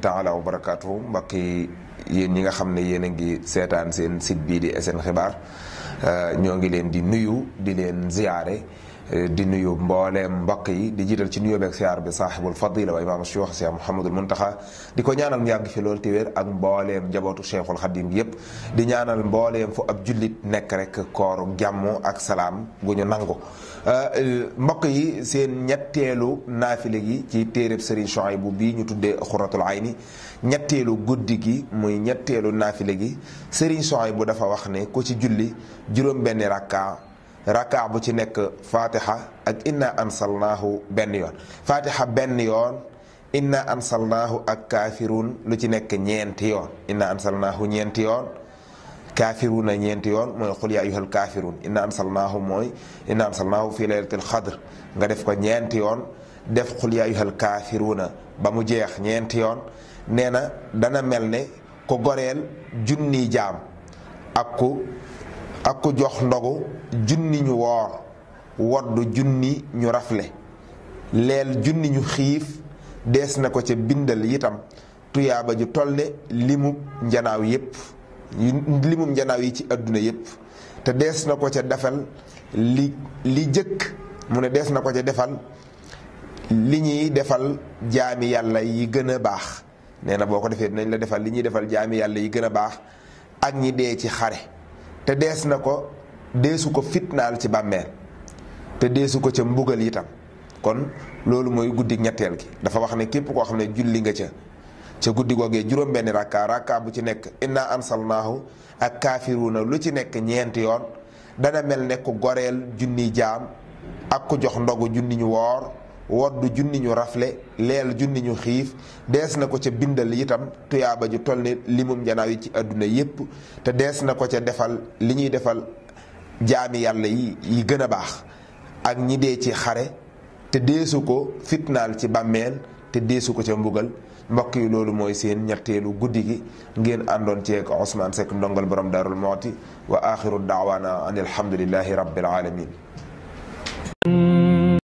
taala wa barakaatu mbokk yi yéen ñi nga xam ne yéen a ngi seetaan seen site bii di seen Xibaar euh, ñoo ngi leen di nuyu di leen ziyaare di nuyu mbooleem mbokk yi di jiital ci nuyoo beeg siyaar bi saaxibul fadila wa imaam cheikh cheikh Mouhamadul Muntaxa di ko ñaanal mu yàgg fi loolu te wér ak mbooleem njabootu cheikhul xadim yépp di ñaanal mbooleem fu ab jullit nekk rek kooru jàmm ak salaam gu ñu nangu euh, mbokk yi seen ñetteelu naafile gi ci téereb Sëriñ bu bii ñu tuddee xuratul ayni ñetteelu guddi gi muy ñetteelu naafile gi Sëriñ bu dafa wax ne ku ci julli juróom benni rakka raka bu ci nekk fatiha ak inna ansalnaahu benn yoon fatiha benn yoon inna ansalnaahu ak kaafiruun lu ci nekk ñeenti yoon inna ansalnaahu ñeenti yoon kaafiruuna ñeenti yoon mooy xul yaa ayyuhal ansalnaahu mooy inna ansalnaahu fii laylatil xadr nga def ko ñeenti yoon def xul yaa ba mu jeex ñeenti yoon nee na dana mel ne ko goreel junni jaam ak ku ak ku jox ndogu junni ñu woor wodd junni ñu rafle leel junni ñu xiif dees na ko ca bindal itam tuyaaba ju toll ne limub njanaaw yépp limub njanaaw yi ci àdduna yépp te dees na ko ca defal li li jëkk mu ne dees na ko ca defal li ñuy defal jaami yàlla yi gën a baax nee na boo ko defee dinañ la defal li ñuy defal jaami yàlla yi gën a baax ak ñi dee ci xare te dees na ko deesu ko fitnaal ci bàmmeel te deesu ko ca mbugal itam kon loolu mooy guddi ñetteel gi dafa wax ne képp koo xam ne julli nga ca ca guddi googee juróom-benni rakka rakka bu ci nekk inna ansalnaahu ak kaafiruuna lu ci nekk ñeenti yoon dana mel ne ku goreel junni jaam ak ku jox ndogu junni ñu woor woddu junni ñu rafle leel junni ñu xiif dees na ko ca bindal itam tuyaaba ji toll ne limum njanaaw yi ci àdduna yépp te dees na ko ca defal li ñuy defal jaami yàlla yi yi gën a baax ak ñi dee ci xare te deesu ko fitnaal ci bàmmeel te deesu ko ca mbugal mbokk yi loolu mooy seen ñetteelu guddi gi ngeen àndoon ceeg Ousmane sekk ndongol borom Darou Mouhty wa axiru daawaana an alhamdulillahi rabbil alamin